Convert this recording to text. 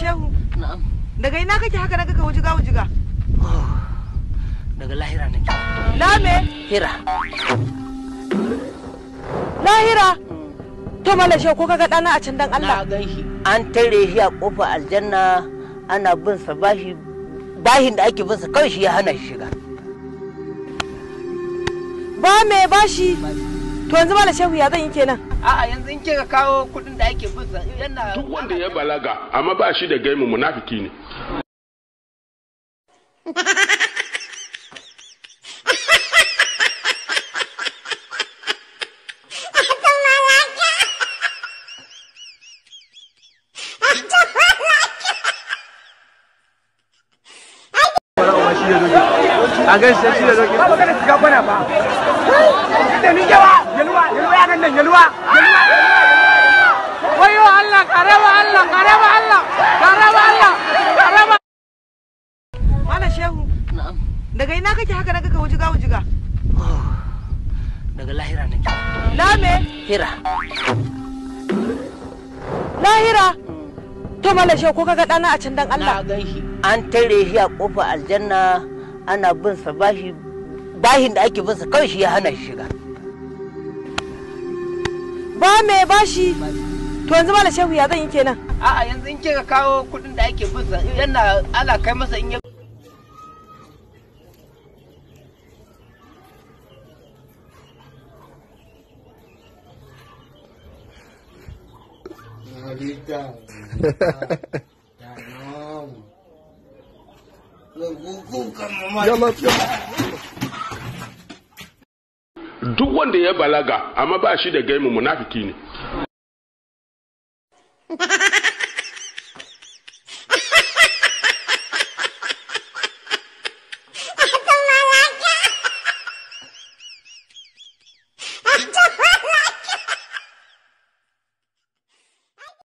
shehu na'am daga ina kake haka na kaka wujiga wujiga oh, daga lahira na ne lame hira lahira mm. to mala shehu ko kaga dana a can dan Allah na gan shi an tare shi a kofar aljanna ana bin sa bashi bahin da ake bin sa kawai shi ya hana shi shiga ba me bashi to yanzu mala shehu ya zan yi kenan a'a yanzu in kika kawo kuɗin da ake fusa yana duk wanda ya balaga amma ba shi da gaimu munafiki ne a gaishe shi da zoki ba magana shiga bana da ni yawa daga ina kake haka na ga wuji ga daga lahira na ke lame hira lahira mm. to malashe ko kaga dana a can dan Allah an tare shi a kofar aljanna ana bin sa bashi bahin da ake bin sa kawai shi ya hana shi shiga ba me bashi to yanzu malashe ya zan yi kenan a'a yanzu in kika kawo kudin da ake bin sa yana ala kai masa in ya duk wanda ya balaga amma ba shi da gaimu munafiki ne